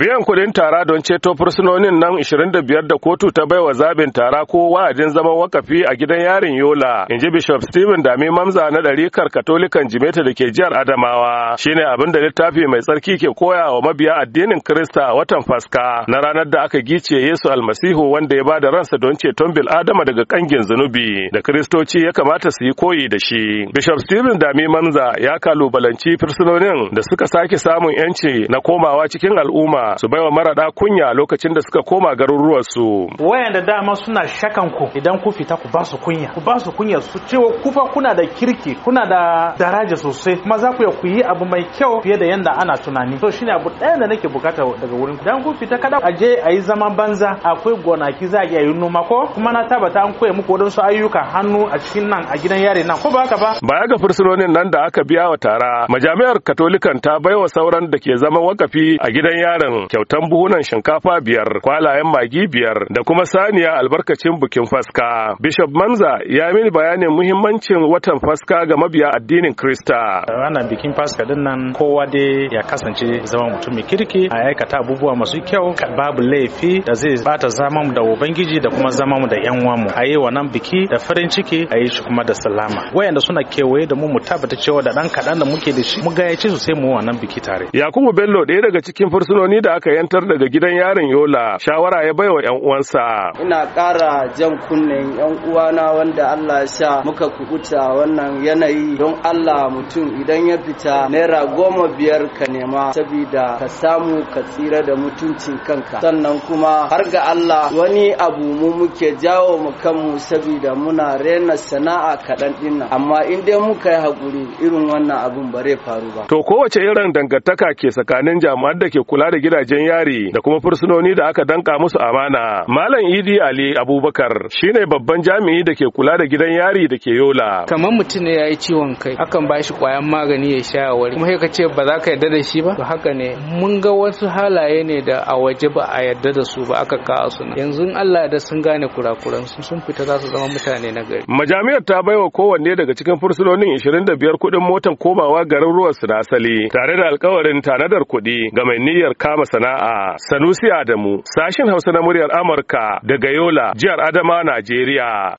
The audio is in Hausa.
biyan kudin tara don ceto fursunonin nan 25 da kotu ta baiwa zabin tara ko wa'adin zaman wakafi a gidan yarin yola in ji bishop stephen dami mamza na ɗarikar katolikan jimeta da ke jihar adamawa shine abin da littafi mai tsarki ke koya wa mabiya addinin krista a watan faska na ranar da aka gice yesu almasihu wanda ya bada ransa don ceton bil adama daga kangin zunubi da kristoci ya kamata su yi koyi da shi bishop stephen dami mamza ya kalubalanci fursunonin da suka sake samun yanci na komawa cikin al'umma su baiwa marada kunya lokacin da suka koma garuruwarsu da dama suna shakan ku idan ku fita ku ba su kunya ku ba su kunya su cewa kufa kuna da kirki kuna da daraja sosai kuma za ku ya ku yi abu mai kyau fiye da yanda ana tunani to shine abu ɗaya da nake bukata daga wurin ku dan ku fita kada a je a yi zaman banza akwai gonaki za a iya yi noma ko kuma na tabbata an koya muku wadansu ayyuka hannu a cikin nan a gidan yare nan ko ba haka ba baya ga fursunonin nan da aka biya wa tara majami'ar katolikan ta baiwa sauran da ke zama wakafi a gidan yaren kyautan buhunan shinkafa biyar, kwalayen magi biyar da kuma saniya albarkacin bikin faska. Bishop Manza ya mini bayanin muhimmancin watan faska ga mabiya addinin Krista. ranar bikin faska din nan kowa dai ya kasance zama mutum mai kirki a aikata abubuwa masu kyau babu laifi da zai bata zaman da ubangiji da kuma zaman da yan uwanmu a yi wannan biki da farin ciki a yi shi kuma da salama wayanda suna kewaye da mu mu tabbata cewa da dan kaɗan da muke da shi mu gayyace su sai mu wannan biki tare yakubu bello ɗaya daga cikin fursunoni da aka yantar daga gidan yarin Yola shawara ya baiwa yan uwansa. Ina ƙara jan kunnen yan uwana wanda Allah ya sha muka kukuta wannan yanayi don Allah mutum idan ya fita naira goma biyar ka nema saboda ka samu ka tsira da mutuncin kanka sannan kuma har ga Allah wani abu mu muke jawo mu kanmu saboda muna rena sana'a kaɗan dinnan amma in dai muka yi haƙuri irin wannan abun ba faru ba. To kowace irin dangantaka ke tsakanin jami'an da ke kula da gidan gidajen yari da kuma fursunoni da aka danka musu amana. Malam Idi Ali Abubakar shine babban jami'i da ke kula da gidan yari da ke Yola. Kamar mutum ne ya yi ciwon kai, akan ba shi ƙwayan magani ya sha wari. Kuma sai ka ce ba za ka yarda da shi ba? To haka ne. Mun ga wasu halaye ne da a waje ba a yarda da su ba aka kawo su nan. Yanzu Allah da sun gane kurakuran su sun fita za su zama mutane na gari. Majami'ar ta baiwa kowanne daga cikin fursunonin biyar kuɗin motan komawa garin ruwan su na asali tare da alkawarin tanadar kuɗi ga mai niyyar kama sana'a Sanusi Adamu sashin Hausa na muryar Amurka daga Yola jihar Adama Najeriya